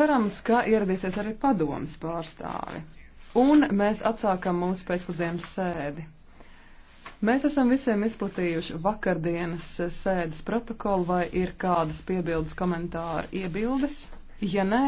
Cerams, ka ieradīsies arī padomas pārstāvi. Un mēs atsākam mūsu pēcpusdienas sēdi. Mēs esam visiem izplatījuši vakardienas sēdes protokolu, vai ir kādas piebildes, komentāri, iebildes? Ja nē,